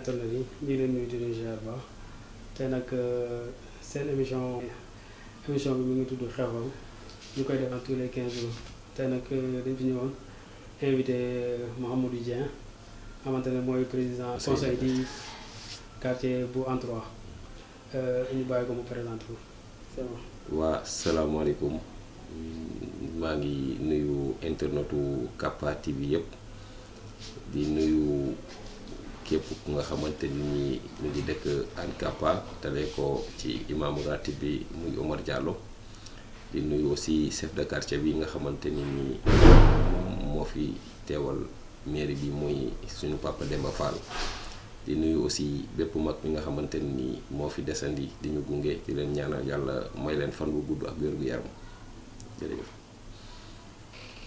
internet yi di leen nuyu di leen ziar baax te nag euh, seen émission émission bi mu ngi tudd xew ñu koy defal tous les 15 jours te nag euh, dañ fi ñëwoon invité euh, Mouhamadou Dieng xamante ne mooy président conseil du quartier bu en trois ñu bàyyi ko mu présenter wu. c'est bon. waa salaamaaleykum maa ngi nuyu internetu Capa TV bi yëpp di nuyu. képp ku nga xamante ni mu ngi dëkk Ankapa dalee ko ci imam ratib bi muy Omar Diallo di nuyu aussi chef de quartier bi nga xamante ni moo fi teewal mairie bi muy suñu papa Demba Fall di nuyu aussi bépp mag bi nga xamante ni moo fi desandi di ñu gunge di leen ñaanal yàlla may leen fan bu gudd ak wér gu yaram jërëjëf.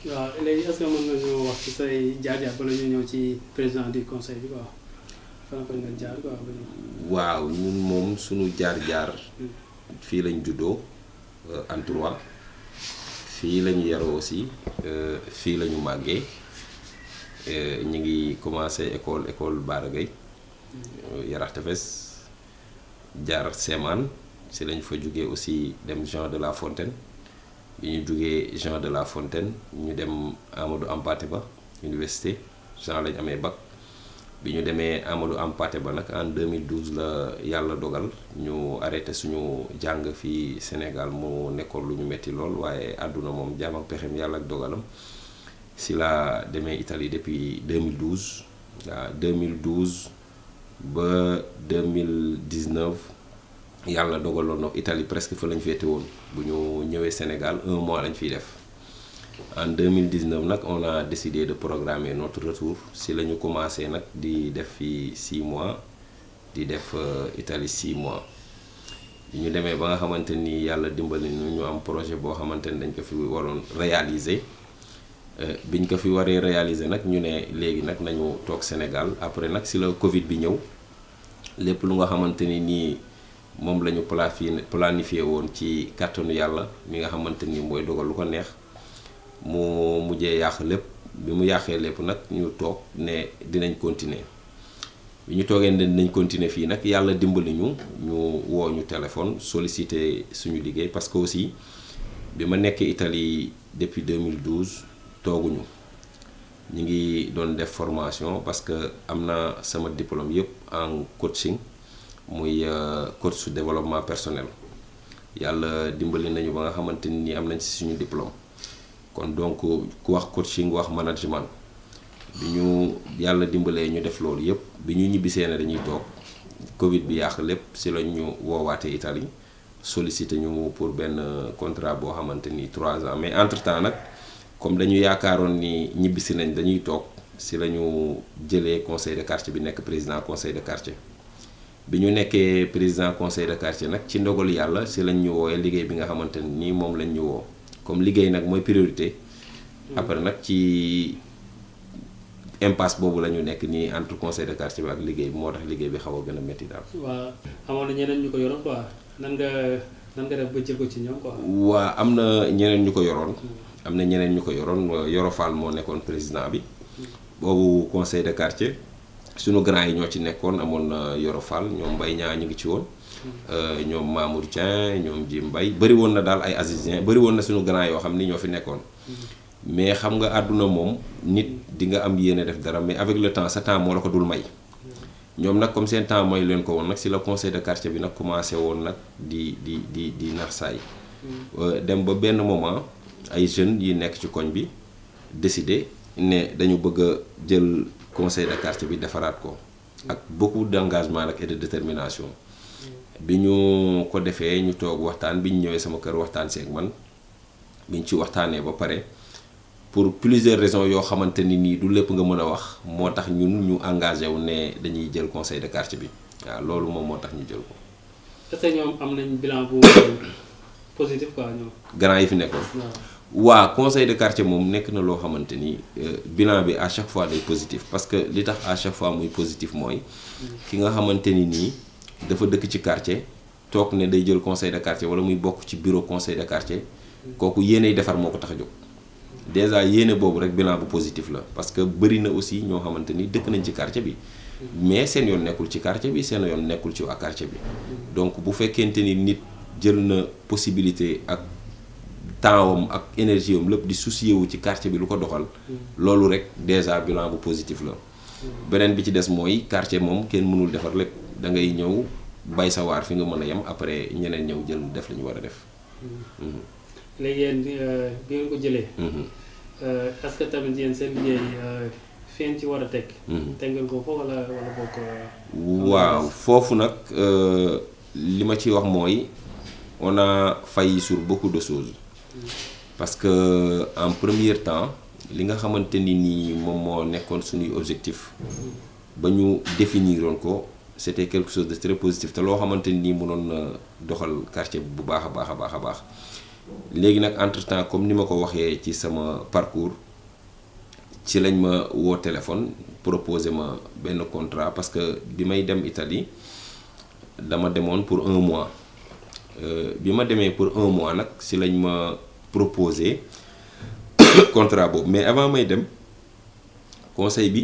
waaw léegi est-ce que mën nga wax ci say jaar-jaar bala ñu ñëw ci président du conseil bi quoi. waaw ñun moom suñu jaar-jaar hmm. fii lañ juddoo en euh, trois fii lañu yaroo aussi euh, fii lañu màggee euh, ñu ngi commencé école école Bara Gaye hmm. Yarax Tefes jaar Seemaan si lañ fa jógee aussi dem Jean de la Fontaine bi ñu jógee Jean de la Fontaine ñu dem Amadou Hampâté Ba université Jean lañ amee bac bi ñu demee Amadou Hampâté Ba nag en 2012 la yàlla dogal ñu arrêté suñu jàng fii Sénégal mu nekkoon lu ñu metti lool waaye àdduna moom jaam ak pexem yàlla ak dogalam si la demee Italie depuis 2012 waaw 2012 ba 2019 yàlla dogaloon na Italie presque fa lañ féete woon bu ñu ñëwee Sénégal un mois lañ fiy def en 2019 nak, on a décidé de programmer notre retour si la ñu commencé nag di def fi 6 mois di def euh, Italie 6 mois ñu demee ba nga xamante ni yàlla dimbali ñu ñu am projet boo xamante ni dañ ko fi waroon réaliser euh, biñ ko fi waree réaliser nak, ñu ne légui nak, nañu toog Sénégal après nak, si le Covid bi ñëw lépp lu nga xamante ni nii moom planifier ñu planifié woon ci kàttanu yàlla mi nga xamante ni mooy dogal lu ko neex. mu mujjee yàq lépp bi mu yàqee lépp nag ñu toog ne dinañ continuer bi ñu toogee ne dinañ continuer fii nag yàlla dimbali ñu ñu woo ñu téléphone solliciter suñu liggéey parce que aussi bi ma nekk Italie depuis 2012 tooguñu ñu ngi doon def formation parce que am na sama diplôme yëpp en coaching muy euh, coach su développement personnel yàlla dimbali nañu ba nga xamante ni am nañ si suñu diplôme. kon donc ku wax coaching wax management bi ñu yàlla dimbalee ñu def loolu yëpp bi ñu ñibbisee ne dañuy toog Covid bi yàq lépp si lañ ñu woowaatee Italie sollicité ñu pour benn contrat boo xamante ni trois ans mais entre temps nag comme dañu yaakaaroon ni ñibbisi nañ dañuy toog si la ñu jëlee conseil de quartier bi nekk président conseil de quartier. bi ñu nekkee président conseil de quartier nag ci ndogalu yàlla si lañ ñu woowee liggéey bi nga xamante ni moom lañ ñu woo. comme liggéey nag mooy priorité. après nag ci impasse boobu la ñu nekk nii entre conseil de quartier bi ak liggéey bi moo tax liggéey bi xaw a gën a métti daal. waaw amoon na ñu ko yoroon quoi nan nga nan nga ba jël ko ci ñoom quoi. waa am na ñeneen ñu ko yoroon. am na ñeneen ñu ko yoroon Yoro Fall moo nekkoon président bi. boobu conseil de quartier. sunu grand yi ñoo ci nekkoon amoon na Yoro Fall ñoom ñaa ñu ngi ci woon. Euh, ñom Mamour tien ñom Jim Mbaye bëri woon na daal ay Azizien bari woon na suñu grand yo xamni ni fi nekkoon mm-hmm. mais xam nga aduna mom nit di nga am yene def dara mais avec le temps sa temps mo la ko dul may ñom nak comme sen temps moy len ko won nak si le conseil de quartier bi nak commencé won nak di di di di nax saay mm-hmm. euh, dem ba ben moment ay jeunes yi nekk ci koñ bi décider né dañu bëgg jël conseil de quartier bi defaraat ko ak beaucoup d'engagement engagement et de détermination bi ñu ko defee ñu toog waxtaan bi ñu ñëwee sama kër waxtaan seek man bi ñu ci waxtaanee ba pare pour plusieurs raisons yoo xamante ni nii du lépp nga mën a wax moo tax ñun ñu engagé wu ne dañuy jël conseil de quartier bi waaw loolu moom moo tax ñu jël ko. est ñoom am nañ bilan bu positif quoi yi fi nekkoon. waa conseil de quartier moom nekk na loo xamante ni euh, bilan bi à chaque fois day positif parce que li tax à chaque fois muy positif mooy mm. ki nga xamante ni nii. dafa dëkk ci quartier toog ne day jël conseil de quartier wala muy bokk ci bureau conseil de quartier kooku yéeney defar moo ko tax a jóg déjà yéene boobu rek bilan bu positif la parce que bëri na aussi ñoo xamante ni dëkk nañ ci quartier bi mais seen yoon nekkul ci quartier bi seen yoon nekkul ci waa quartier bi donc bu fekkente ni nit jël na possibilité ak tempsam ak énergie am lépp di soucier wu ci quartier bi lu ko doxal loolu rek déjà bilan bu positif la mm. beneen bi ci des mooy quartier moom kenn mënul defar lépp da ngay ñëw bay sa waar fi nga mën a yem après ñeneen ñëw jël def li ñu war a def. Mm-hmm. Mm-hmm. léegi yéen euh, bi nga ko jëlee. Mm-hmm. Euh, est-ce que tamit yéen seen liggéey euh, fiñ ci war a teg. teg ko foofu wala wala bokk. waaw foofu nag li ma ci wax mooy on a failli sur beaucoup de choses. parce que en premier temps li nga xamante ni nii moom moo nekkoon suñuy objectif. ba ñu définiroon ko c'était quelque chose de très positif te suis xamanteni ni doxal quartier bu entre temps comme parcours ci lañ ma téléphone proposer ma contrat parce que bi may dem Italie dama pour un mois euh, bi ma pour un mois lañ ma proposé contrat mais avant may dem conseil bi.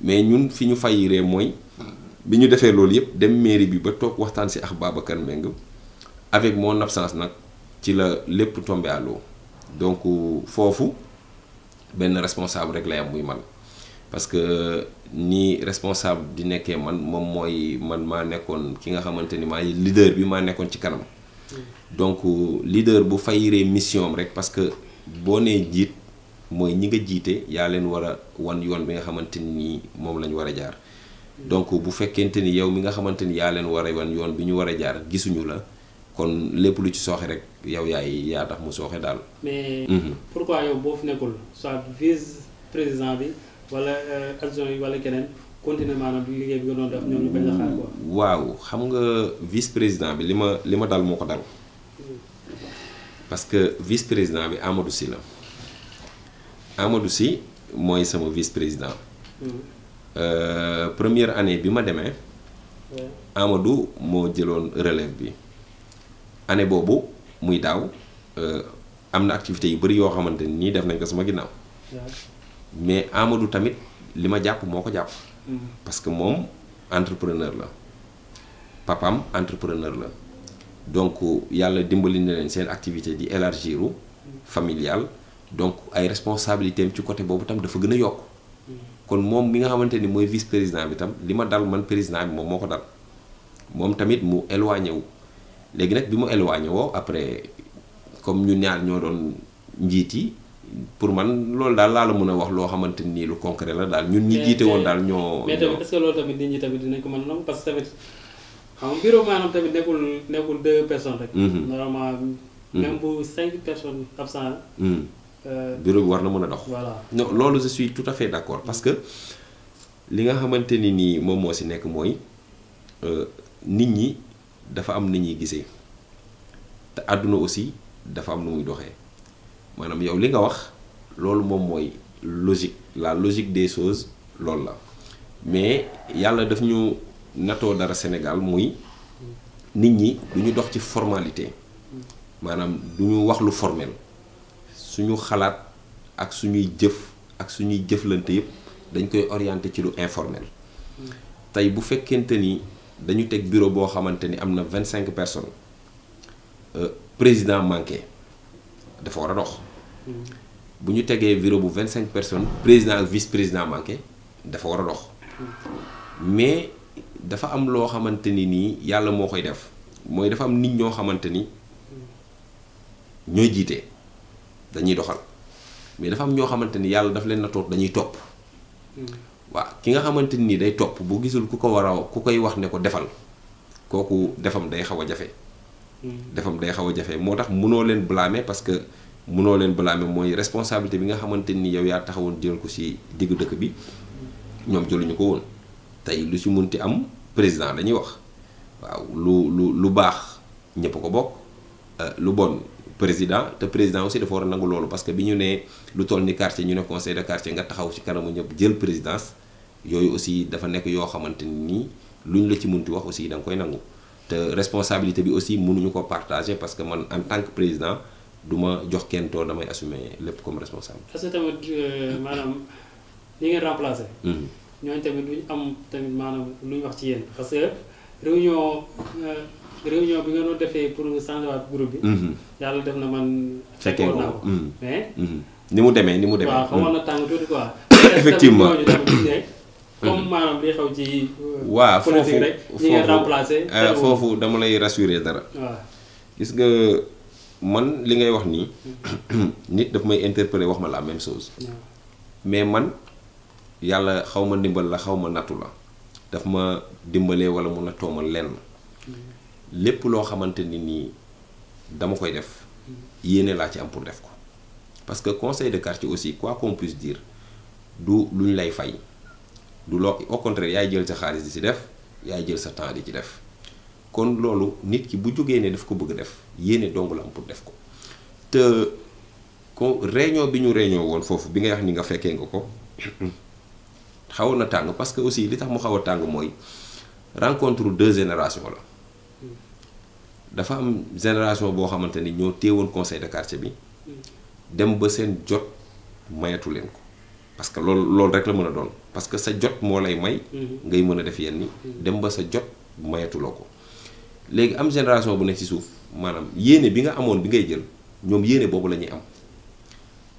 mais ñun fi ñu fayiree mooy bi ñu defee loolu yëpp dem mairie bi ba tok waxtaan ci ak Babacar meng avec mon absence nak ci la lépp tombé à l'eau donc euh, fofu ben responsable rek lay am muy man parce que ni responsable di nekké man mom moy man ma nekkoon ki nga xamante ma leader bi ma nekkoon ci kanam mm. donc euh, leader bu fayiree mission rek parce que boné nee mooy ñi nga jiite yaa leen war a wan yoon bi nga xamante ni moom lañ war a jaar donc bu fekkente ni yow mi nga xamante ni yaa leen wara wan yoon bi ñu war a jaar gisuñu la kon lépp lu ci sooxee rek yow yaay yaa tax mu sooxee daal. mais. a mhm. yow boo fi nekkul soit vice président bi wala euh, adjoint yi wala keneen continuer maanaam liggéey bi nga doon def ñoom ñu bañ la xaar quoi. waaw xam nga vice président bi li ma li ma dal moo ko dal mhm. parce que vice président bi Amadou Sy la. Amadou si mooy sama vice président. Euh, première année bi ma demee. Amadou moo jëloon relève bi année boobu muy daaw euh, am na activités yu bëri yoo xamante nii def nañ ko sama ginnaaw. mais Amadou tamit li ma jàpp moo ko jàpp. Mm-hmm. parce que moom entrepreneur la papam entrepreneur la donc yàlla dimbali na leen seen activité di élargiru mm-hmm. familial. donc ay responsabilités ci côté boobu tam dafa gën a yokk kon moom mi nga xamante ni mooy vice président bi tam li ma dal man président bi moom moo ko dal moom tamit mu éloigné wu léegi nag bi mu éloigné woo après comme ñu ñaar ñoo doon njiit yi pour man loolu daal laa la mën a wax loo xamante nii lu concret la daal ñun ñi jiite woon daal ñoo. mais tamit loolu tamit nit ñi tamit dinañ ko mën a nangu parce que tamit xam nga bureau maanaam tamit nekkul nekkul deux personnes rek. Mhm. normalement. Mhm. même bu cinq personnes absent la. Mhm. Euh, bureau war na mëna dox. voilà non lolu je suis tout à fait d'accord parce que li nga xamante ni mom mo moo nek moy euh nit ñi dafa am nit ñi gisé te aduna aussi dafa am nu muy doxé manam yow li nga wax lolu mom moy logique la logique des choses lool la mais yalla daf ñu nato dara Sénégal muy nit ñi duñu dox ci formalité manam duñu wax lu formel. suñu xalaat ak suñuy jëf ak suñuy jëflante yëpp dañ koy orienté ci lu informel tey bu fekkente ni dañu teg bureau boo xamante ni am na vingt cinq personnes euh, président manqué dafa war a dox bu ñu tegee bureau bu vingt cinq personnes président ak vice président manqué dafa war a dox mais dafa am loo xamante ni nii yàlla moo koy def mooy dafa am nit ñoo xamante ni ñooy jiitee dañuy doxal mais dafa am ñoo xamante ni yàlla daf leen na toog dañuy topp hmm. waaw ki nga xamante nii day topp bu gisul ku ko war a ku koy wax ne ko defal kooku defam day xaw a jafe hmm. defam day xaw a jafe moo tax munoo leen blâmer parce que munoo leen blâmer mooy responsabilité bi nga xamante ni yow yaa taxawoon jël ko si diggu dëkk bi ñoom jëluñu ko woon tey lu si ci munti am président dañuy wax waaw lu lu lu baax ñëpp ko bokk euh, lu bon président te président aussi dafa war a nangu loolu parce que bi ñu ne lu toll ni quartier ñu ne conseil de quartier nga taxaw ci kanamu ñëpp jël présidence yooyu aussi dafa nekk yoo xamante ni luñ la ci mun ti wax aussi da nga koy nangu te responsabilité bi aussi mënuñu ko partager parce que man en tant que président du ma jox kenn tool damay assumé lépp comme responsable. parce que tamit euh, maanaam li ngeen remplacer. Mm-hmm. ñooñu tamit duñ am tamit maanaam luñ wax ci yéen parce que réunion. Euh, réunion bi nga noo defee pour changer waat groupe bi. Mhm. yàlla def na man. fekkee ko mhm. Mhm. ni mu demee ni mu demee. waaw xamoon na tàng tuuti quoi. effectivement comme maanaam li xew ci. Euh, waaw foofu ñi euh, foofu dama lay rassurer dara. gis nga man li ngay wax nii mm. nit daf may interpeller wax ma la même chose. mais man yàlla xaw ma ndimbal la xaw ma nattu la daf ma dimbalee wala mun a toomal lenn. Mm. lépp loo xamante ni nii dama koy def yéene laa ci am pour def ko parce que conseil de quartier aussi quoi qu'on puisse dire du lu lay fay du loo au contraire yaay jël sa xaalis di ci def yaay jël sa temps di ci def kon loolu nit ki bu jógee ne daf ko bëgg def yéene dong la am pour def ko te ko réunion bi ñu réunion woon foofu bi nga wax ni nga fekkee nga ko xawoon na tàng parce que aussi li tax mu xaw a tàng mooy rencontre deux générations la dafa am génération boo xamante ni ñoo téewoon conseil de quartier bi dem ba seen jot mayatu leen ko parce que loolu loolu rek la mën a doon parce que sa jot moo lay may. Mm-hmm. ngay mën a def yenn ni mm-hmm. dem ba sa jot mayatuloo ko léegi am génération bu nekk si suuf maanaam yéene bi nga amoon bi ngay jël ñoom yéene boobu la ñuy am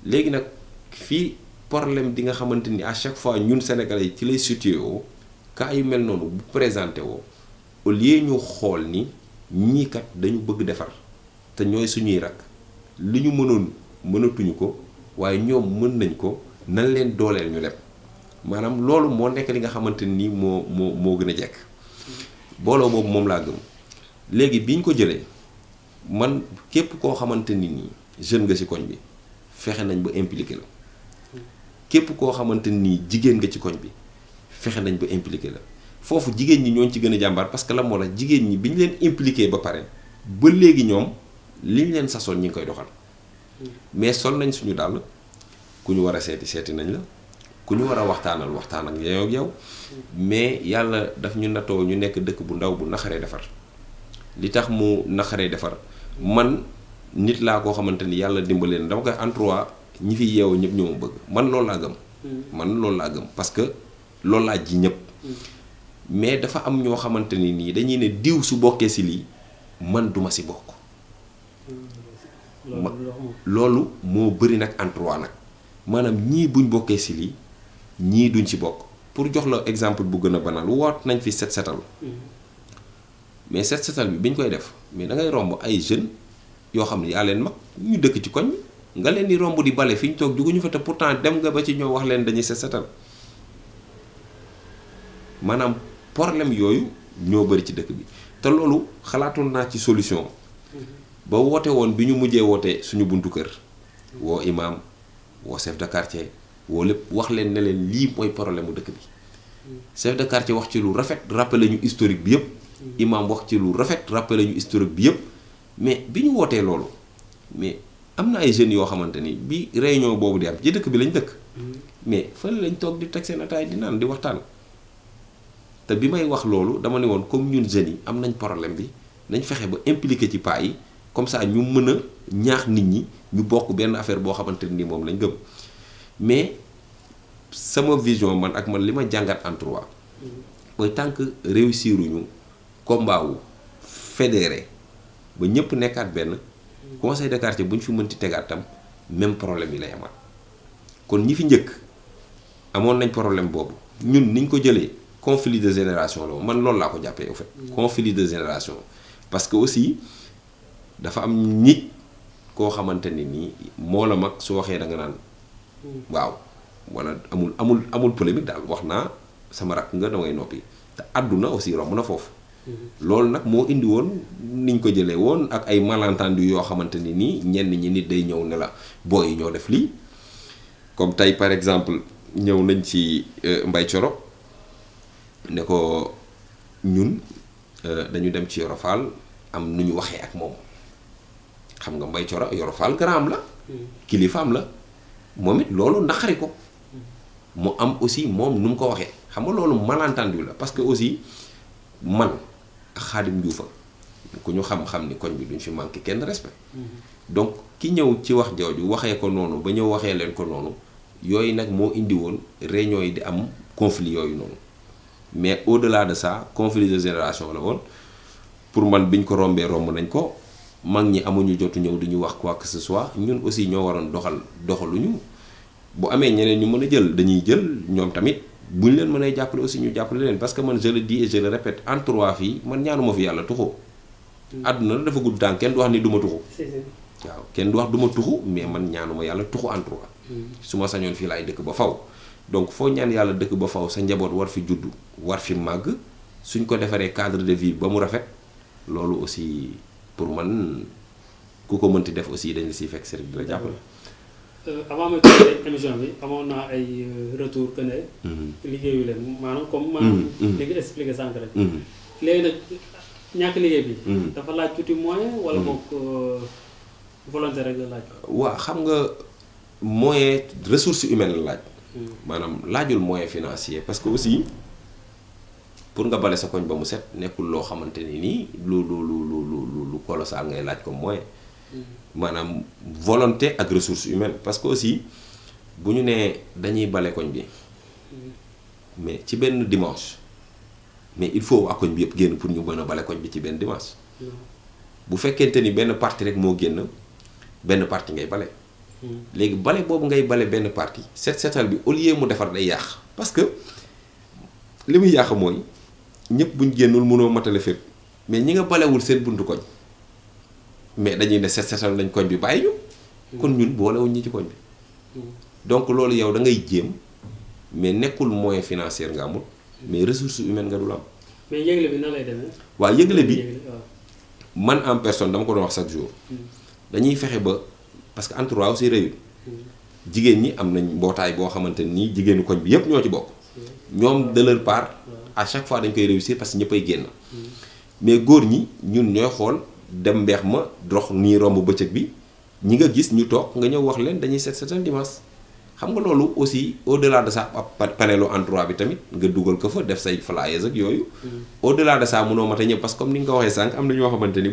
léegi nag fii poroblème di nga xamante ni à chaque fois ñun sénégalais yi ci lay situé woo cas yu mel noonu bu présenté woo au lieu ñu xool ni. ñii kat dañu bëgg defar te ñooy suñuy rakk li ñu mënoon mënatuñu ko waaye ñoom mën nañ ko nan leen dooleel ñu leb maanaam loolu moo nekk li nga xamante ni moo moo moo gën a jekk booloo boobu moom laa gëm léegi bi ko jëlee man képp koo xamante ni nii jeune nga ci koñ bi fexe nañ ba impliqué la képp koo xamante nii jigéen nga ci koñ bi fexe nañ ba impliqué la foofu jigéen ñi ñooñu ci gën a jàmbaar parce que la moo la jigéen ñi bi ñu leen impliqué ba pare ba léegi ñoom li ñu leen sasoon ñi ngi koy doxal mais sol nañ suñu dàll ku ñu war a seeti seeti nañ la ku ñu war a waxtaanal waxtaan ak yow ak yow mais yàlla daf ñu natoo ñu nekk dëkk bu ndaw bu naxaree defar li tax mu naxaree defar man nit laa koo xamante ni yàlla dimbalee na dama koy entroit ñi fi yeewoo ñëpp ñoo ma bëgg man loolu laa gëm mm. man loolu laa parce que loolu laa ji ñëpp mm. mais dafa am ñoo xamante ni nii dañuy ne diw su bokkee si lii man duma si bokk loolu moo bëri nag endroit nag maanaam ñii buñ bokkee si lii ñii duñ si bokk pour jox la exemple bu gën a banal woot nañ fi set setal mm-hmm. mais set setal bi biñ koy def mais da ngay romb ay jeunes yoo xam ne yaa leen mag ñu dëkk ci koñ nga leen di romb di bale fi ñu toog juguñu fa te pourtant dem nga ba ci ñoo wax leen dañuy set setal maanaam problème yooyu ñoo bëri ci dëkk bi te loolu xalaatoon naa ci solution ba woote woon bi ñu mujjee woote suñu buntu kër woo imam woo chef de quartier woo lépp wax leen ne leen lii mooy problème mu dëkk bi chef de quartier wax ci lu rafet rappelé ñu historique bi yëpp imam wax ci lu rafet rappelé lañu historique bi yëpp mais bi ñu wootee loolu mais am na ay jeunes yoo xamante ni bi réunion boobu di am ci dëkk bi lañ dëkk mm-hmm. mais fële lañ toog di teg seen ataay di naan di waxtaan te bi may wax loolu dama ne woon comme ñun jeunes yi am nañ problème bi nañ fexe ba impliqué ci paa yi comme ça ñu mën a ñaax nit ñi ñu bokk benn affaire boo xamante ni moom lañ gëm mais sama vision man ak man li ma jàngat en trois mooy tant que réussiruñu combat wu fédéré ba ñëpp nekkaat benn conseil de quartier bu ñu fi mënti tegaat tam même problème yi lay amaat kon ñi fi njëkk amoon nañ problème boobu ñun niñ ko jëlee conflit de génération la man loolu laa ko jàppee au fait mm. conflit de génération parce que aussi dafa am nit koo xamante ne la mag su waxee da nga nan mm. waaw wala amul amul amul polémique daal waxna sama rak nga ngay noppi te aduna aussi romb na foofu mm-hmm. loolu nag moo indi won niñ ko jëlee won ak ay malentendu yo xamante ni nii ñenn ñi nit day ñëw ne la booy ñoo def li comme tay par exemple ñëw nañ ci euh, Mbaye Coro ne ko ñun euh, dañu dem ci yorofal am nu ñu waxee ak moom xam nga Mbay Coro Yoro Fall garaam la mm. kilifaam la moom it ko mm. mu am aussi moom nu mu ko waxee xam nga loolu malentendu la parce que aussi man ak Xaadim Juufa ku ñu xam-xam ni koñ bi duñ fi manqué kenn respect mm. donc ki ñëw ci wax jooju waxee ko noonu ba ñëw waxee leen ko noonu yooyu nak mo indi won réunion yi di am conflit yooyu noonu mais au delà de ça conflit de génération la woon pour man bi ñu ko rombee romb nañ ko mag ñi amuñu jotu ñëw di ñu wax quoi que ce soit ñun aussi ñoo waroon doxal doxaluñu bu amee ñeneen ñu mën a jël dañuy jël ñoom tamit bu ñu leen mën mënee jàppale aussi ñu jàppale leen parce que man je di e et je le répète en trois fii man ñaanuma fi yàlla tuxu mm. àdduna dafa gudd temps kenn du wax ni du ma tuxu waaw kenn du wax du ma tuxu mais man ñaanuma yàlla tuxu en mm. su ma sañoon fii laay dëkk ba faw donc foo ñaan yàlla dëkk ba faw sa njaboot war fi juddu war fi màgg suñ ko defaree cadre de vie ba mu rafet loolu aussi pour man ku ko mënti def aussi dañ la siy fekk Serigne di la jàppale. Euh, avant ma tudd bi amoon naa ay euh, retour mhm. leen maanaam comme. Mhm, maanaam mhm. li sànq rek. léegi nag ñàkk liggéey bi. dafa laaj tuuti moyen wala boog euh, volonté rek la laaj. waa xam nga moyen ressource humaine la laaj. maanaam laajul moyen financier parce que aussi pour nga bale sa koñ ba mu set nekkul loo xamante ni nii lu lu lu lu lu colossal ngay laaj ko moyen mm. maanaam volonté ak ressources humaines parce que aussi bu ñu nee dañuy bale koñ bi mm. mais ci benn dimanche mais il faut waa koñ bi yëpp génn pour ñu mën a bale koñ bi ci benn dimanche mm. bu fekkente ni benn parti rek moo génn benn parti ngay bale léegi bale boobu ngay bale benn parti set setal bi au lieu mu defar day yàq parce que li muy yàq mooy ñëpp buñ génnul mënoo matale fépp mais ñi nga balewul seen buntu koñ mais dañuy ne set setal nañ koñ bi bàyyi ñu kon ñun boolewuñ ñi ci koñ bi donc loolu yow da ngay jéem mais nekkul moyen financier nga amul mais ressource humaine nga dul am mais yëgle bi nan lay demee waaw yëgle bi man en personne dama ko doon wax chaque jour hmm. dañuy fexe ba parce que entourage si réyul jigen ñi am nañ mbootaay boo xamante nii jigéenu koñ bi yépp ñoo ci bokk ñoom de leur part à chaque fois dañ koy réussir parce que ñëppay génn mais góor ñi ñun ñooy xool dem mbeex ma dox nii romb bëccëg bi ñi nga gis ñu tok nga ñëw wax leen dañuy set setal dimanche xam nga loolu aussi au delà de ça ab panelu endroit bi tamit nga dugal ko fa def say flyers ak yooyu au delà de ça mënoo mate ñëpp parce que comme ni nga ko waxee am na ñoo xamante ni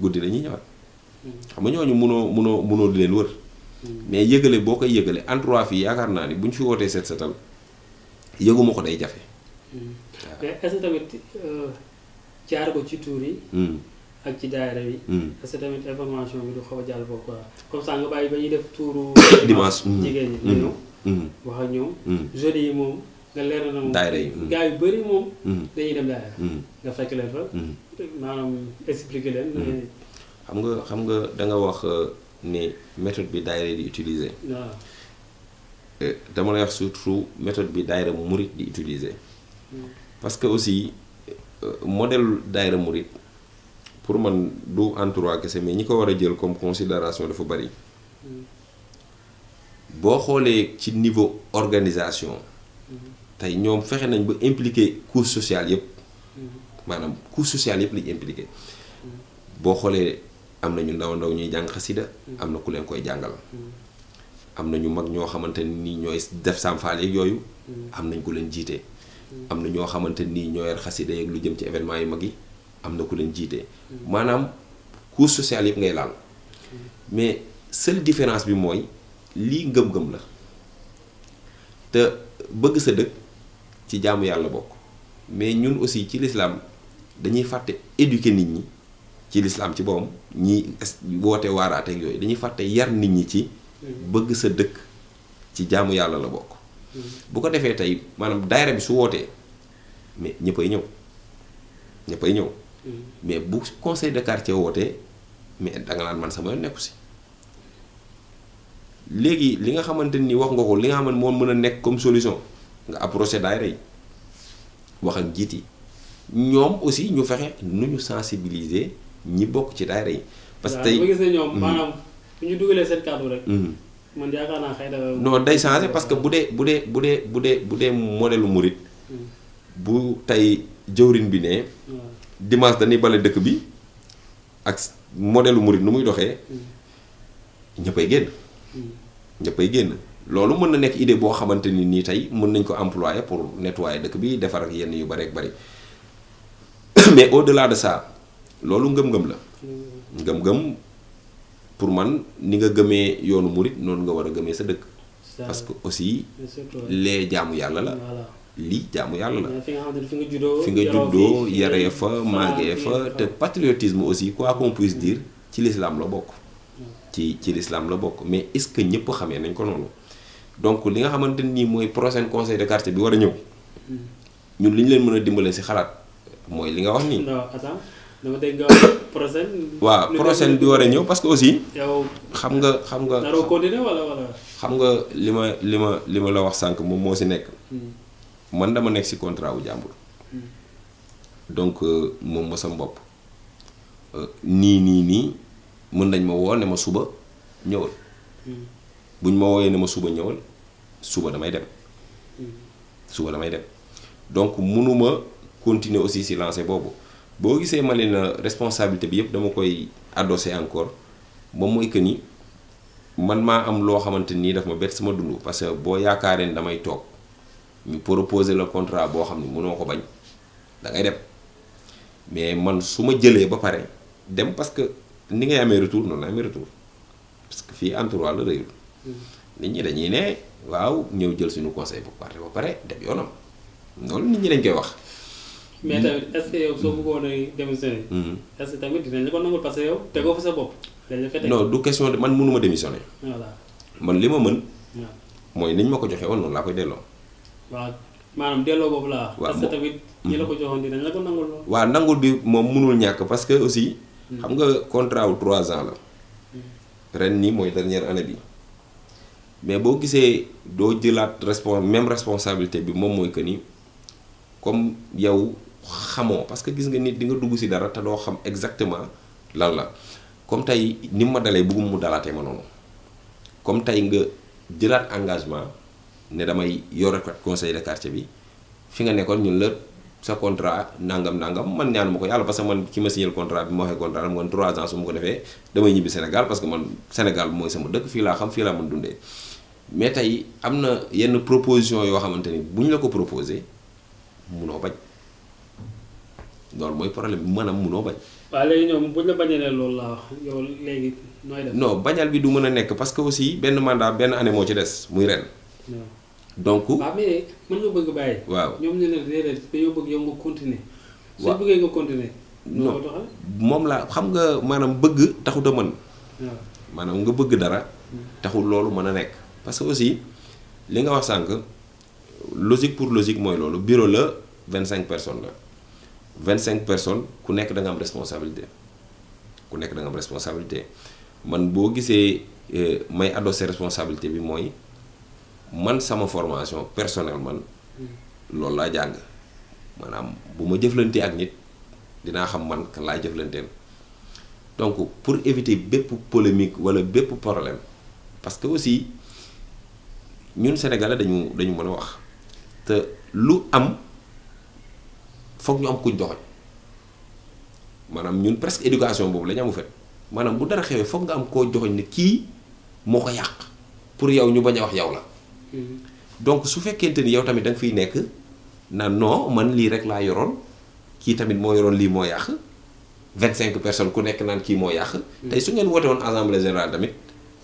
guddi xam nga ñooñu munoo munoo munoo di leen wër. mais yëgale boo koy yëgale endroit fii yaakaar naa ni bu ñu fi wootee set setal yëguma ko day jafe. Hmm. mais est-ce tamit euh, jaar ko ci tuur yi. Hmm. ak ci daayira yi. parce hmm. que tamit information bi du xaw a jàll boobu quoi comme ça nga bàyyi ba ñuy def tuuru. dimanche jigéen ñi nga ñëw. wax ak ñoom. yi moom nga leer na moom. daayira yi gars yu bëri moom. dañuy dem daayira. nga fekk leen fa. maanaam expliqué leen. xam nga xam nga da nga wax euh, ne méthode bi daayira di utiliser euh, dama lay wax surtout méthode bi daayira murit di utiliser hmm. parce que aussi euh, modèle daayira murit pour man du entourage, kese mais ñi ko war a jël comme considération dafa bari hmm. boo xoolee ci niveau organisation hmm. tey ñoom fexe nañ ba impliqué couche sociale yëpp maanaam couche sociale yëpp lañ impliqué boo xoolee am na ñu ndaw ndaw ñuy jàng xasida mm. am na ku leen koy jàngal mm. am na ñu mag ñoo xamante nii ñooy def sàmfaale yeeg yooyu mm. am nañ ko leen jiite am na ñoo xamante nii ñoo yar xasida yeeg lu jëm ci événement yi mag yi am na ku leen jiite maanaam couche sociale yëpp ngay laal mais seule différence bi mooy lii ngëm-ngëm la te bëgg sa dëkk ci jaamu yàlla bokk mais ñun aussi ci lislaam dañuy fàtte éduquer nit ñi ci lislaam ci boppam ñi woote waaraate ak yooyu dañuy fàtte yar nit ñi ci bëgg sa dëkk ci jaamu yàlla la bokk bu ko defee tey maanaam daayira bi su wootee mais ñëppay ñëw ñëppay ñëw mais bu conseil de quartier wootee mais danga naan man sama yoon nekku si léegi li nga xamante ni wax nga ko li nga xamante moom mën a nekk comme solution nga approché daayira yi wax ak njiit yi ñoom aussi ñu fexe nu ñu sensibiliser ñi bokk ci daayira yi parce que tey bu gisee ñoom mm. maanaam bu ñu dugalee seen kàddu rek mm. man yaakaar naa xëy na non day changé parce que bu dee bu dee bu dee bu dee bu dee modèle murit mm. bu tey jëwrin bi ne dimanche dañuy bale dëkk bi ak modèle murit nu muy doxee ñëppay génn ñëppay génn loolu mën na nekk idée boo xamante ni nii tey mën nañ ko employer pour nettoyer dëkk bi defar ak yenn yu ak bari mais au delà de ça loolu ngëm-ngëm la ngëm-ngëm pour man ni nga gëmee yoonu murit noonu nga war a gëmee sa dëkk parce que aussi lee jaamu yàlla la lii jaamu yàlla la fi nga juddoo yaree fa màggee fa te patriotisme aussi quoi qu'on puisse dire ci l'islam la bokk hmm. ci ci l'islam la bokk mais est-ce que ñëpp xamee nañ ko noonu donc li nga xamante nii mooy prochain conseil de quartier bi war a ñëw hmm. ñun li ñu leen mën a dimbale si xalaat mooy li nga wax nii dama dégg prochaine. waaw prochaine bi war a ñëw parce que aussi. yow xam nga xam nga. naroo continuer wala wala. xam nga li ma li ma li ma la wax sànq moom moo si nekk. Hmm. man dama nekk si contrat wu jàmbur. Hmm. donc euh, moom ma sama bopp. Euh, nii nii nii mën nañ ma woo ne ma suba ñëwal. Hmm. buñ ma wooyee ne ma suba ñëwal suba damay dem. suba damay dem donc mënuma continuer aussi si lancé boobu. boo gisee ma ne na responsabilité bi yëpp dama koy adossé encore moom mooy que ni man maa am loo xamante nii daf ma bett suma dund parce que boo yaakaaree ni damay toog ñu proposer la contrat boo xam ne munoo ko bañ da ngay dem mais man su ma jëlee ba pare dem parce que ni ngay amee retour noonu la amee retour parce que fii entourage la rëyul mm. nit ñi dañuy ne waaw ñëw jël suñu conseil bu parti ba pare dem yoonam loolu nit ñi dañ koy wax mais mm-hmm. tamit est ce que yow soo a démissionné. Mm-hmm. est la ko nangul parce que yow tegoo fa sa bopp. dañ la fa du question de man mënu ma démissionné. voilà man li ma mën. mooy niñ ma ko joxee woon noonu laa koy delloo. waaw maanaam delloo boobu laa. waaw ñi mm-hmm. la ko joxoon dinañ la ko nangul. waaw nangul bi moom mënul ñàkk parce que aussi. xam nga contrat wu 3 ans la. ren nii mooy dernière année bi. mais boo gisee doo jëlaat respons même responsabilité bi moom mooy que ni comme yow. xamoo parce que gis nga nit di nga dugg si dara te doo xam exactement lan la comme tey ni ma dalee bëggum mu dalaatee ma noonu comme tey nga jëlaat engagement ne damay yore ko conseil de quartier bi fi nga nekkoon ñun la sa contrat nangam nangam man ñaanu ma ko yàlla parce que man ki ma signé contrat bi ma waxee contrat am man 3 ans su ma ko Sénégal parce que man Sénégal mooy sama dëkk fii laa xam fii laa mën dundee mais tey am na yenn proposition yoo xamante ni bu ñu la ko proposé munoo bañ. loolu mooy problème bi maanaam munoo bañ. waaw léegi loolu laa wax yow bañal bi du mën a nekk parce que aussi benn mandat benn année moo ci des muy ren. donc waaw mais bëgg bàyyi. waaw ñoom nga continuer. moom laa xam nga maanaam bëgg taxut a nga bëgg dara. Hmm. taxul loolu mën a nekk parce que aussi li nga wax sànq logique pour logique mooy loolu bureau la vingt cinq personnes la. 25 personnes ku nek da nga am responsabilité ku nek da nga am responsabilité man boo euh may adossé responsabilité bi moy man sama formation personnelle man mm. loolu laa jàng maanaam bu ma ak nit dina xam man kan laay donc pour éviter bépp polémique wala bépp problème parce que aussi ñun sénégalais dañu dañu mëna wax te lu am. foog ñu am kuñ doxal maanaam ñun presque éducation boobu la ñu amu fet maanaam bu dara xewee foog nga am koo joxoñ ne kii moo ko yàq pour yow ñu bañ a wax yow la mm-hmm. donc su fekkente ni yow tamit da fiy nekk na non man lii rek laa yoroon kii tamit moo yoroon lii moo yàq vingt cinq personnes ku nekk naan kii moo yàq mm-hmm. tey su ngeen woote woon assemblée générale tamit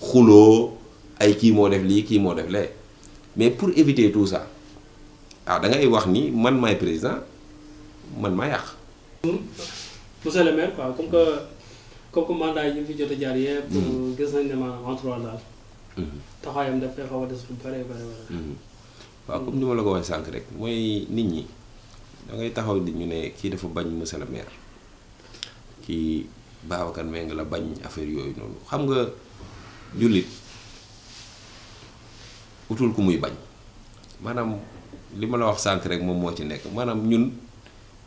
xuloo ay kii moo def lii kii moo def lee mais pour éviter tout ça ah da ngay wax ni man maay président man maa yàq. monsieur le maire quoi comme que comme que mandat yi ñu fi jot a jaar yëpp. gis nañ ne maanaam en trois daal. taxawaayam dafay xaw a des lu bare bare bare. waaw comme ni ma la ko waxee sànq rek mooy nit ñi da ngay taxaw di ñu ne kii dafa bañ monsieur le maire kii Babacar Mbengue la bañ affaire yooyu noonu xam nga jullit utul ku muy bañ maanaam li ma la wax sànq rek moom moo ci nekk maanaam ñun.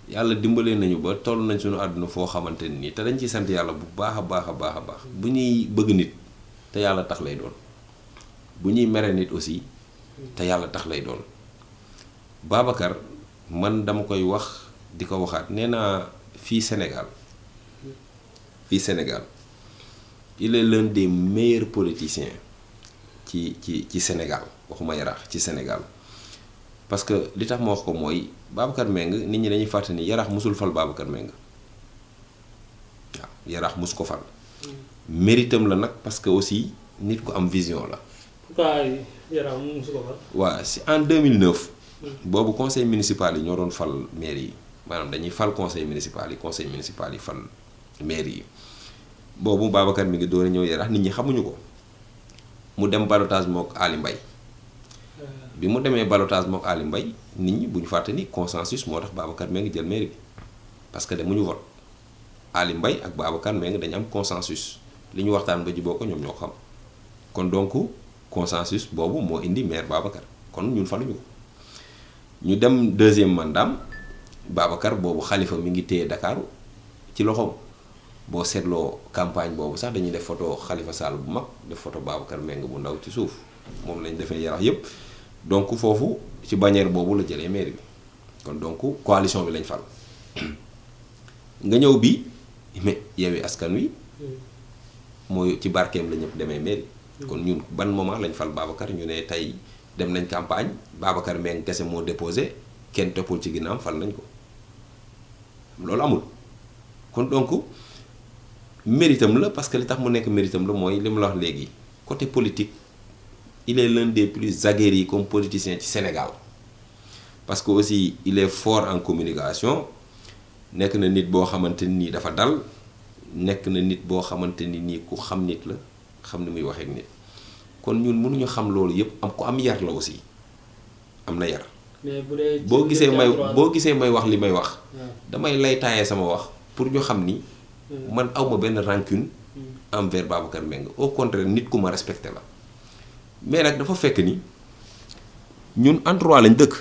yàlla dimbalee nañu ba toll nañ suñu àdduna foo xamante ne nii te dañ ci sant yàlla bu baax a baax a baax a baax bu ñuy bëgg nit te yàlla tax lay doon bu ñuy mere nit aussi te yàlla tax lay doon Babacar man dama koy wax di ko waxaat nee naa fii Sénégal fii Sénégal il est l'un des meilleurs politiciens ci ci ci Sénégal waxuma yaraax ci Sénégal parce que li tax ma wax ko mooy. Babacar Mbengue nit ñi dañuy fàttali ni yaraax musul fal Babacar Mbengue waaw yaraax mus ko fal. Mm. méritam la nag parce que aussi nit ku am vision la. pourquoi yaraax musu ko fal. waaw si en 2009. Mm. boobu conseil municipal yi ñoo doon fal maire yi maanaam dañuy fal conseil municipal yi conseil municipal yi fal maire yi boobu Babacar mi ngi doon ñëw yaraax nit ñi xamuñu ko mu dem ballottage mook Ali bi mu demee ballottage mook Ali Mbaye nit ñi bu ñu fàtte ni consensus moo tax Babacar Mbengue jël mairie bi parce que demuñu vote Ali Mbaye ak Babacar Mbengue dañu am consensus li ñu waxtaan ba juboo ko ñoom ñoo xam kon donc consensus boobu moo indi maire Babacar kon ñun faluñu ko ñu dem deuxième mandat Babacar boobu xalifa mi ngi téye Ndakaaru ci loxoom boo seetloo campagne boobu sax dañuy def foto xalifa Sall bu mag def foto Babacar meng bu ndaw ci suuf moom lañ defee yarax yëpp donc foofu ci bannière boobu la jëlee mairie bi kon donc coalition bi lañ fal nga ñëw bi mais Yewwi Askan Wi mm. mooy ci barkeem la ñëpp demee mairie mm. kon ñun ban moment lañ fal Babacar ñu ne tey dem nañ campagne Babacar Mbengue kese moo déposé kenn toppul ci ginnaam fal nañ ko loolu amul kon donc méritam la parce que li tax mu nekk méritam la mooy li mu la wax léegi côté politique il est l'un des plus aguerris comme politicien ci Sénégal parce que aussi il est fort en communication Nek na nit bo xamanteni ni dafa dal nek na nit bo xamanteni ni ku xam nit la xam ni muy waxee nit kon ñun mënuñu xam loolu yëpp am ku am yar la aussi am na yar. bo gisee may bo gisee may wax li may wax. damay lay tayé sama wax pour ñu xam ni. Hmm. man awma ben rancune. Hmm. envers Babacar Mbengue au contraire nit ku ma respecté la. mais nag dafa fekk ni ñun en lañ dëkk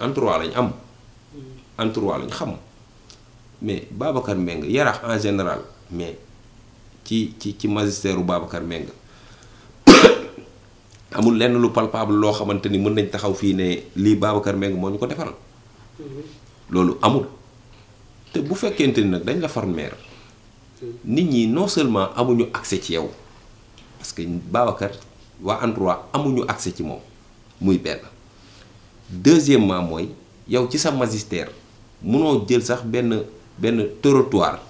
entroit lañ am en trois lañ xam mais Babacar Mbengue Yaraax en général mais ci ci ci magistère u Babacar Mbengue amul lenn lu palpable loo xamante ni mën nañ taxaw fii ne lii Babacar Mbengue moo ñu ko defaral loolu amul te bu fekkente ni nag dañ la former mm. nit ñi non seulement amuñu accès ci yow parce que Babacar wa en droit amuñu accès ci mom muy benn deuxièmement moy yow ci sa magistère munoo jël sax ben ben trottoir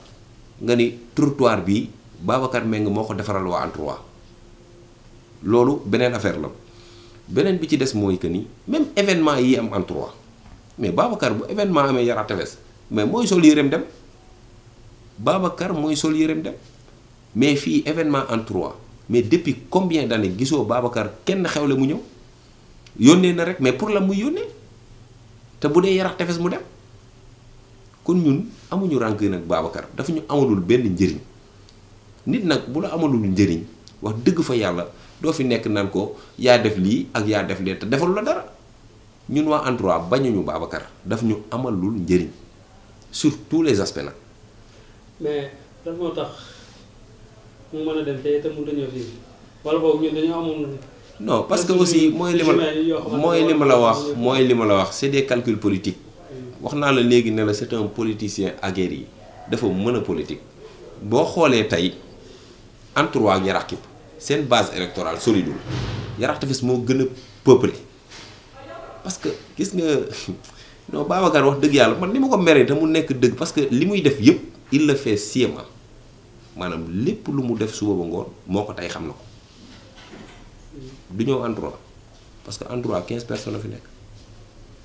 nga ni trottoir bi Babacar Meng moko défaral wa waa lolu benen affaire la benen bi ci des moy que ni même événement yi am en mais Babacar bu événement amé Yara Tefess mais moy sol yëreem dem Babacar moy sol yëreem dem mais fi événement en mais depuis combien d'années gisoo Babacar kenn xewle mu ñëw yónnee na rek mais pour la muy yónnee te bu dee yarax tefes mu dem kon ñun amuñu rancune ak Babacar dafa ñu amalul benn njëriñ nit nag bu la amalul njëriñ wax dëgg fa yàlla doo fi nekk naan ko yaa def lii ak yaa def lee te defal la dara ñun waa en trois bañuñu Babacar daf ñu amalul njëriñ sur les aspects nag. mais lan moo tax. mu mën a dem te itam mënut a wala boobu ñun dañoo amoon. non parce que aussi mooy li ma mooy li ma la wax mooy li ma la wax c'est des calculs politiques. Hmm. wax naa la léegi ne la c'est un politicien aguerri yi dafa mën a politique boo xoolee tey Antoine ak Yarax képp seen base électorale solide wul Yarax moo gën a peuplé parce que gis nga non Babacar wax dëgg yàlla man ni ma ko meree te mu nekk dëgg parce que li muy def yëpp il le fait sciemment. maanaam lépp lu mu def suba ba ngoon moo ko tey xam na ko du ñëw en droit parce que en droit 15 fi nekk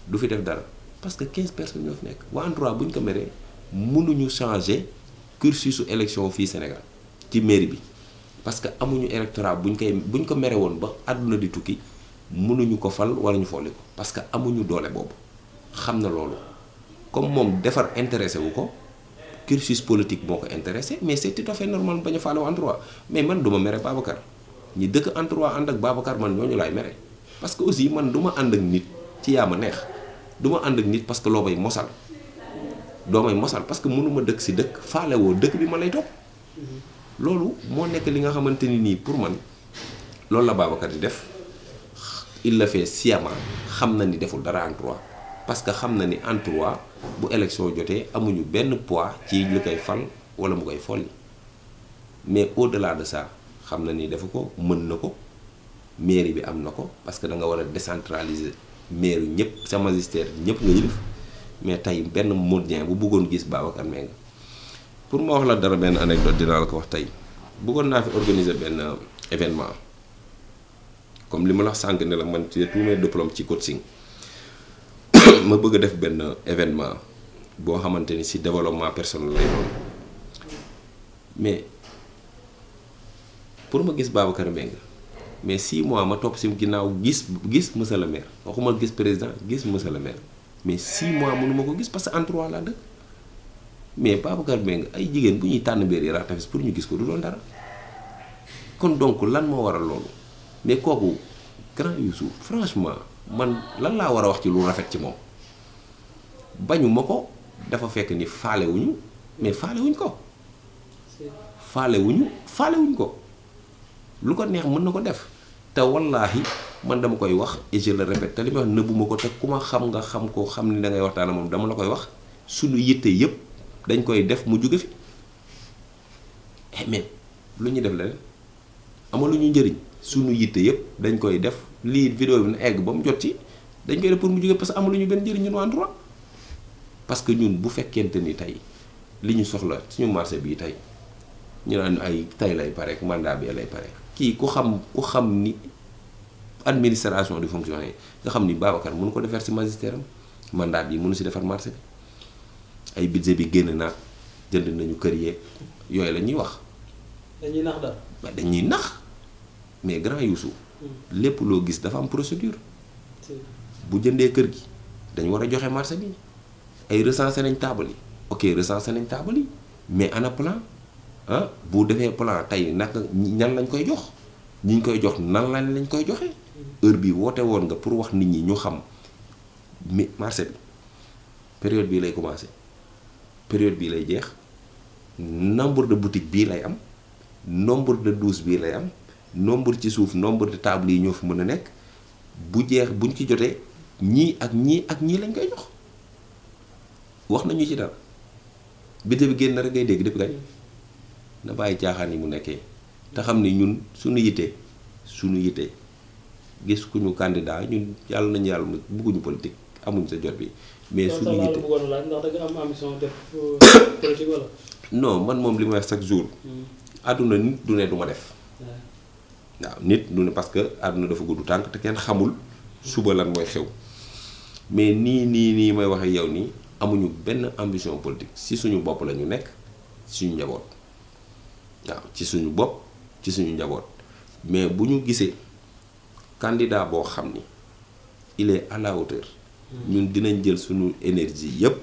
du fi def dara parce que 15 personnes ñoo fi nekk waa en bu ñu ko meree mënuñu changer cursusu élection fii Sénégal ci mairie bi parce que amuñu électorat buñ koy buñ ko mere woon ba àdduna di tukki mënuñu ko fal wala ñu folli ko parce que amuñu doole boobu xam na loolu comme moom defar intéressé wu ko. cursus politique moo ko intéressé mais c'est tout à fait normal bañ a faalew en droit mais man du ma mere Babacar ñi dëkk en droit ànd ak Babacar man ñooñu laay mere parce que aussi man du ma ak nit ci yaa ma neex du ma ak nit parce que loo may mosal doo may mosal parce que mënu dëkk si dëkk faale woo dëkk bi ma lay topp loolu moo nekk li nga ni pour man la Babacar di def il la fait sciemment xam ni deful dara en droit parce que xam na ni en bu élection jotee amuñu benn poids ci li koy fal wala mu koy folli mais au delà de ça xam na ni dafa ko mën na ko mairie bi am na ko parce que da nga war a décentraliser maire ñëpp sa magistère ñëpp nga yilif mais tey benn modien bu bëggoon gis Babacar Mbengue pour ma wax la dara benn anecdote dinaa la ko wax tey bëggoon naa fi organiser benn événement comme li ma la wax sànq la man ci tous mes ci ci coaching ma bëgg a def benn événement boo xamante ni ci développement personnel lay doon mais pour ma gis Babacar Mbengue mais six mois ma topp ci ginnaaw gis gis monsieur le maire waxuma gis président gis monsieur le maire mais six mois mënuma ko gis parce que en trois laa dëkk mais Babacar Mbengue ay jigéen bu ñuy tànn mbeer yi raatafis pour ñu gis ko du doon dara kon donc lan moo waral loolu mais kooku grand Youssou franchement man lan laa war a wax ci lu rafet ci moom bañuma ko dafa fekk ni faale mais faale ko faale wuñu ko lu ko neex mën na ko def te wallaahi man dama koy wax et je le répète te nëbbuma ko te ku ma xam nga xam ko xam ni da waxtaan waxtaan moom dama la koy wax suñu yitte yëpp dañ koy def mu jóge fi eh, mais lu ñu def leneen amaluñu njëriñ suñu yitte yëpp dañ koy def lii vidéo bi na egg ba mu jot ci dañ koy def pour mu jógee parce que amul ñu benn njëriñ ñun waa droit parce que ñun bu fekkente ni tey li ñu soxla suñu marché bii tey ñu naan ay tey lay pare mandat bi lay pare kii ku xam ku xam ni administration du fonctionnaire nga xam ni Babacar mënu ko defer si magistère am mandat bi mënu si defar marché ay budget bi génn na jënd nañu kër yeeg yooyu lañuy wax. dañuy nax daal. dañuy nax mais grand Youssou. lépp loo gis dafa am procédure bu jëndee kër gi dañ war a joxe marché bi ay recensé nañ taabal yi ok recensé nañ taabal mais ana plan ah bu defee plan tey naka ñan lañ koy jox ñi ñu koy jox nan lañ lañ koy joxe heure bi woote woon nga pour wax nit ñi ñu xam mi marché bi période bii lay commencé période bii lay jeex nombre de boutique bii lay am nombre de douche bii lay am nombre ci suuf nombre de table yi ñoo fi mën a nekk bu jeex buñ ci jotee ñii ak ñii ak ñii lañ koy jox wax nañu ci dara bité bi génn rek ngay dégg def gañ na bàyyi caaxaan yi mu nekkee te xam ni ñun suñu yite suñu yite gis ku ñu candidat ñun yàlla nañu yàlla bëgguñu politique amuñ sa jot bi mais suñu yite euh, non man moom li ma wax jour hmm. àdduna nit du ne du def waaw nit du ne parce que àdduna dafa gudd tànk te kenn xamul suba lan mooy xew mais nii nii nii may waxe yow nii amuñu benn ambition politique si suñu bopp la ñu nekk suñu njaboot waaw ci suñu bopp ci suñu njaboot mais bu ñu gisee candidat boo xam ni il est à la hauteur hmm. ñun dinañ jël suñu énergie yépp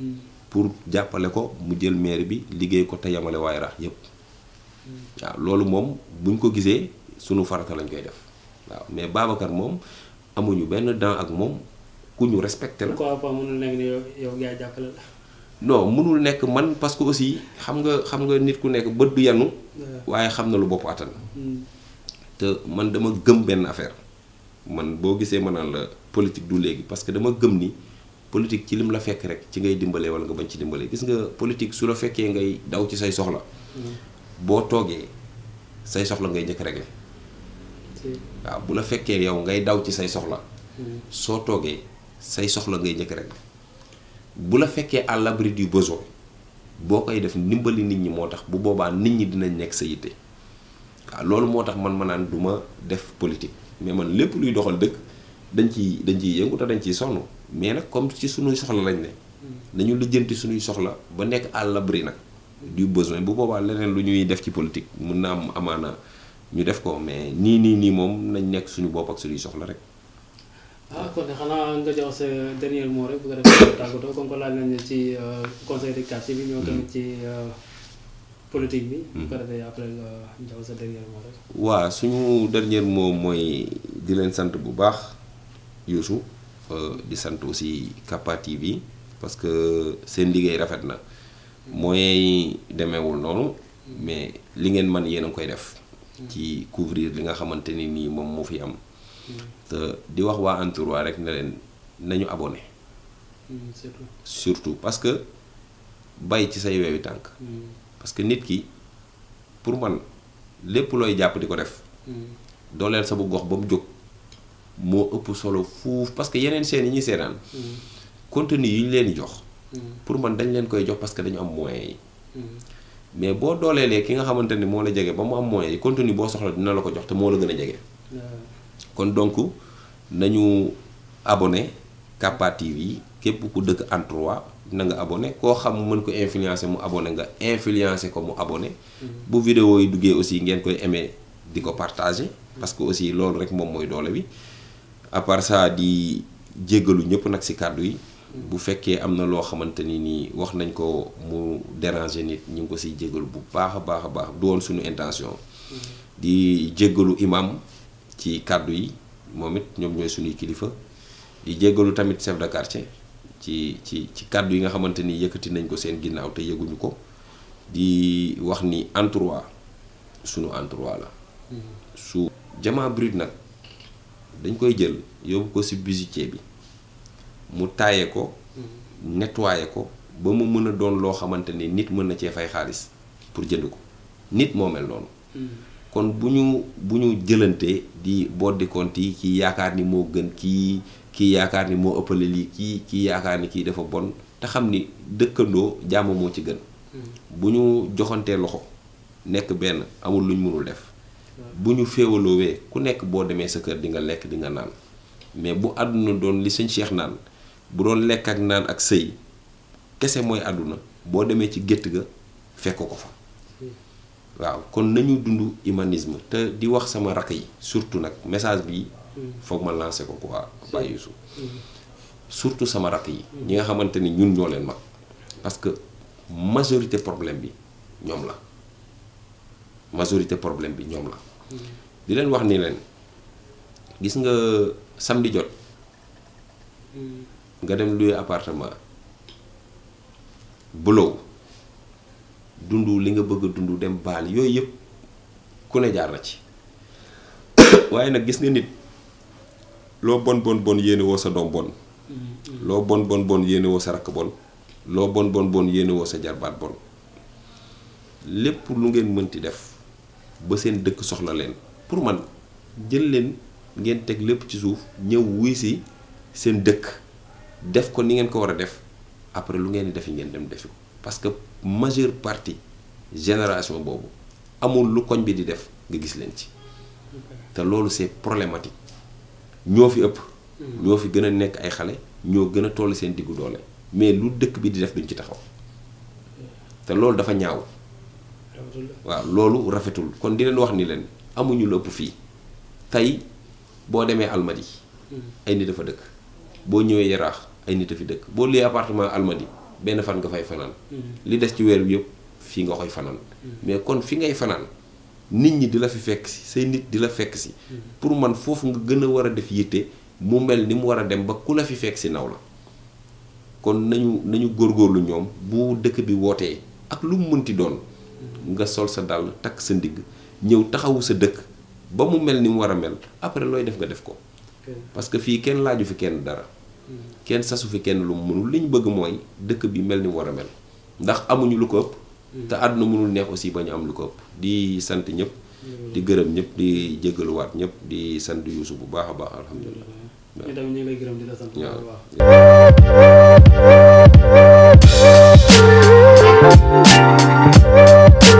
hmm. pour jàppale ko mu jël maire bi liggéey ko te yamale waaye rax yépp hmm. waaw loolu moom buñ ko gisee sunu farata lañ koy def waaw mais Babacar moom amuñu benn dent ak moom ku ñu respecté la. pourquoi pas mënul nekk yow yaa jàppale mënul nekk man parce que aussi xam nga xam nga nit ku nekk bët du yanu. waaye xam na lu bopp attan. Hmm. te man dama gëm benn affaire man boo gisee ma naan la politique du léegi parce que dama gëm ni politique ci lim la fekk rek ci ngay dimbale wala nga bañ ci dimbale gis nga politique su la fekkee ngay daw ci say soxla. Hmm. boo toogee say soxla ngay njëkk régler waaw bu la fekkee yow ngay daw ci say soxla hmm. soo toogee say soxla ngay njëkk rek bu la fekkee à l'abri du besoin boo koy def ndimbali nit ñi moo tax bu boobaa nit ñi dinañ nekk sa yitte waaw loolu moo tax man ma naan du ma def politique mais man lépp luy doxal dëkk dañ ciy dañ ciy yëngu te dañ ciy sonn mais nag comme ci sunuy soxla lañ ne dañu hmm. lijjanti suñuy soxla ba nekk à nag du besoin bu boobaa leneen lu ñuy def ci politique mun naa am amaana ñu def ko mais nii nii nii moom nañ nekk suñu bopp ak suñuy soxla rek. ah kon xanaa nga jox sa dernier mot rek bu ko defee tàggatoo comme ci euh, conseil de quartier bi ñoo tamit mm. ci euh, politique bi. bu ko defee après nga jox sa dernier suñu dernier mot mooy di leen sant bu baax Youssou euh, di sant aussi Capa TV parce que seen liggéey rafet na mm. moyens yi demeewul noonu mais li ngeen man yéen a ngi koy def. ci couvrir li nga xamante ni nii moom moo fi am. Mm. di wax waa Anturois rek ne leen nañu abone mm, surtout parce que bay ci say weewi tànk. Mm. parce que nit ki pour man lépp looy jàpp di ko def. dooleel sa bu gox ba mu jóg moo ëpp solo fuuf parce que yeneen seen yi ñuy seetaan. contenu yi ñu leen jox. pour man dañ leen koy jox parce que dañu am moyens yi. mais boo dooleelee ki nga xamante ni moo la jege ba mu am moyens yi contenu boo soxla dina la ko jox te moo la gën a jege. kon donc nañu abonné Capa TV yi képp ku dëkk en trois na nga abonné koo xam mën ko influencer mu abonné nga influencer ko mu abonné. Mm-hmm. bu video yi duggee aussi ngeen koy aimé di ko partager. parce que aussi loolu rek moom mooy doole bi à part di jéggalu ñëpp nag si kàddu yi. bu fekkee am na loo xamante ni nii wax nañ ko mu déranger nit ñu ngi ko si jégalu bu baax a baax a baax du woon suñu intention. Mm-hmm. di jégalu imam ci kàddu yi moom it ñoom ñooy suñuy kilifa di jégalu tamit chef de quartier ci ci ci kàddu yi nga xamante ni yëkkati nañ ko seen ginnaaw te yëguñu ko di wax ni entroit suñu entroit la. Mm-hmm. su Jama Brut nag dañ koy jël yóbbu ko si bijoutier bi. mu taaye ko mm-hmm. nettwaaye ko ba mu mën a doon loo xamante ni nit mën na cee fay xaalis pour jënd ko nit moo mel noonu mm-hmm. kon bu ñu bu ñu jëlantee di boddi compte yi kii yaakaar ni moo gën kii kii yaakaar ni moo ëppale lii kii kii yaakaar ni kii dafa bon te xam ni dëkkandoo jàmm moo ci gën mm-hmm. bu ñu joxantee loxo nekk benn amul lu ñu mënul def bu ñu féewaloowee ku nekk boo demee sa kër di nga lekk di nga naan mais bu àdduna doon li sëñ Cheikh naan bu doon lekk ak naan ak sëy kese mooy àdduna boo demee ci gétt ga fekk ko fa waaw kon nañu dund humanisme te di wax sama rakk yi surtout nag message bi foog ma lancé ko quoi Baye Youssou mm-hmm. surtout sama rakk yi mm-hmm. ñi nga xamante ni ñun ñoo leen mag parce que majorité problème bi ñoom la majorité problème bi ñoom la mm-hmm. di leen wax ni leen gis nga samedi jot nga dem louer appartement bulow dundu li nga bëgg dundu dem baal yooyu yëpp ku ne jaar na ci waaye gis nga nit lo bon bon bon yéene wo sa doom bon mm-hmm. Lo bon bon bon yéene wo sa Lo bon bon bon bon yéene wo sa jarbaat bon lépp lu ngeen mënti def ba seen dëkk soxla leen pour man jël leen ngeen teg lépp ci suuf ñëw wuy si seen dëkk def ko ni ngeen ko war a def après lu ngeen di defi ngeen dem defi ko parce que majeure partie génération boobu amul lu koñ bi di def nga gis leen ci te loolu c'est problématique ñoo fi ëpp. Hmm. ñoo fi gën a nekk ay xale ñoo gën a toll seen diggu doole mais lu dëkk bi di def duñ ci taxaw te loolu dafa ñaaw. waaw loolu rafetul kon di leen wax ni leen amuñu lu ëpp fii tey boo demee Almadies hmm. ay nit dafa dëkk boo ñëwee yaraax ay nit a fi dëkk boo luyee appartement almadi benn fan nga fay fanaan mm-hmm. li des ci weer bi yëpp fii nga koy fanaan mm-hmm. mais kon fi ngay fanaan nit ñi di la fi fekk si say nit di la fekk si mm-hmm. pour man nga def mu mel ni mu war dem ba ku fi fekk si naw kon nañu nañu góorgóorlu bu dëkk bi wootee ak lu mu mënti doon nga sol sa dàll takk sa ndigg ñëw taxawu sa dëkk ba mu mel ni mu war a mel après looy def nga def ko parce que fii kenn laaju fi kenn dara kenn sasu fi kenn lu mu mënul li ñu bëgg mooy dëkk bi mel ni war a mel ndax amuñu lu ko ëpp te àdduna mënul neex aussi am lu ko ëpp di sant ñëpp di gërëm ñëpp di jégaluwaat ñëpp di sant yuusu bu baax a baax alhamdulilah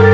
di